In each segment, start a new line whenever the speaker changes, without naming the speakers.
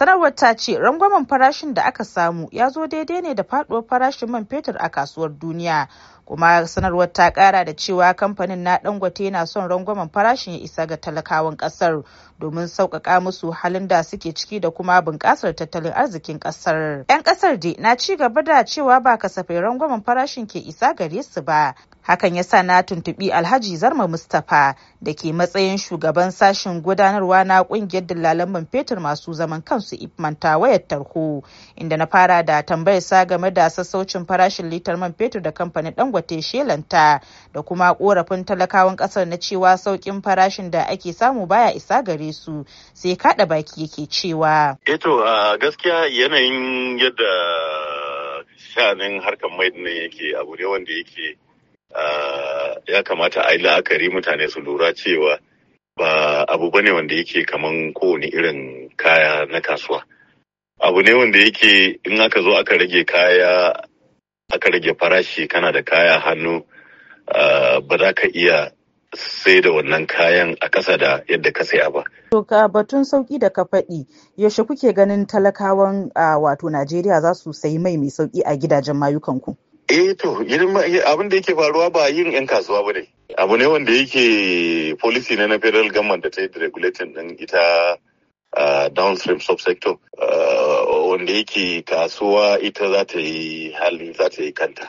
Sanarwar ta ce rangwamen farashin da aka samu ya zo daidai ne da faduwar farashin man fetur a kasuwar duniya. Kuma sanarwar ta kara da cewa kamfanin na Dangote na son rangwamen farashin ya isa ga talakawan kasar domin sauƙaƙa musu halin da suke ciki da kuma bunƙasar tattalin arzikin kasar. 'Yan kasar dai na ci gaba da cewa ba kasafai rangwamen farashin ke isa gare su ba. Hakan ya sa na tuntuɓi Alhaji Zarma Mustapha da ke matsayin shugaban sashen gudanarwa na ƙungiyar dillalan man fetur masu zaman kansu su manta wayar tarho inda na fara da tambayar sa game da sassaucin farashin litar man fetur da kamfanin dangote shelanta da kuma korafin talakawan kasar na cewa saukin farashin da ake samu baya isa gare su sai kada baki yake cewa
eto eh a gaskiya yanayin yadda sha'anin harkar mai ne yake abu ne wanda yake ya kamata a yi la'akari mutane su lura cewa ba abu bane wanda yake kaman kowane irin kaya na kasuwa abu ne wanda yake in aka zo aka rage kaya aka rage farashi kana da kaya hannu ah, ba za ka iya sai da wannan kayan a ƙasa da yadda ka saya ba.
To ka batun sauƙi da ka faɗi yaushe kuke ganin talakawan ah, wato Najeriya za su sayi mai mai sauƙi a gidajen mayukanku? ku?
eh to abin da yake faruwa ba yin 'yan kasuwa ba ne abu ne wanda yake policy ne na federal government da ta yi regulating din ita downstream subsector wanda yake kasuwa ita za ta yi hali za ta yi kanta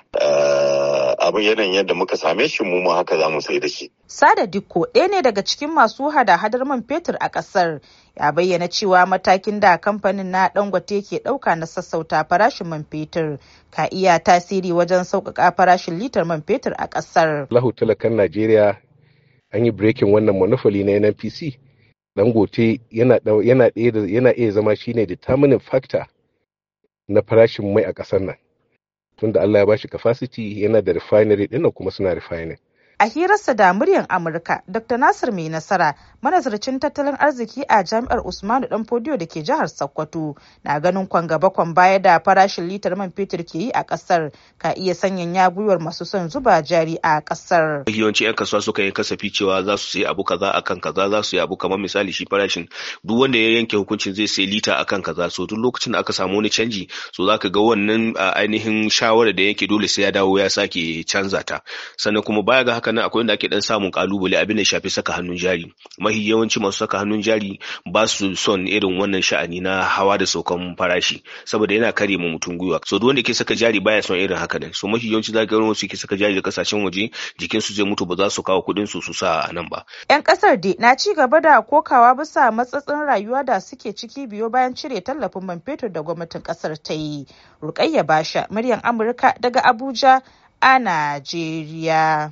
abin yanayin yadda muka same shi mu ma haka za mu sai da shi.
Sada Dikko ɗaya ne daga cikin masu hada-hadar man fetur a ƙasar ya bayyana cewa matakin da kamfanin na Dangote ke ɗauka na sassauta farashin man fetur ka iya tasiri wajen sauƙaƙa farashin litar man fetur a ƙasar.
Lahu talakan Najeriya an yi birekin wannan manufali na NNPC. Dangote yana iya zama shine determining factor na farashin mai a ƙasar nan. tunda Allah ya bashi capacity yana da refinery dinnan kuma suna refining
A hirarsa da muryar Amurka, Dr. Nasir Mai Nasara, manazarcin tattalin arziki a Jami'ar Usmanu Dan Fodiyo da ke jihar Sokoto, na ganin kwan gaba baya da farashin litar man fetur ke yi a kasar ka iya ya gwiwar masu son zuba jari a kasar.
Yawanci 'yan kasuwa suka yi kasafi cewa za su sayi abu kaza akan kaza za su yi abu kamar misali shi farashin duk wanda ya yanke hukuncin zai sayi lita akan kaza so duk lokacin da aka samu wani canji so za ka ga wannan ainihin shawarar da yake dole sai ya dawo ya sake canza ta sannan kuma baya ga haka akwai wanda ake dan samun kalubale abin da shafi saka hannun jari mahi yawanci masu saka hannun jari ba su son irin wannan sha'ani na hawa da saukan farashi saboda yana kare mu mutum gwiwa so duk wanda ke saka jari baya son irin haka ne so mahi yawanci ka ga wasu ke saka jari da kasashen waje jikin su zai mutu ba za su kawo kuɗin su su sa a nan ba
yan kasar dai na ci gaba da kokawa bisa matsatsin rayuwa da suke ciki biyo bayan cire tallafin man fetur da gwamnatin kasar ta yi rukayya basha muryan amurka daga abuja a Najeriya.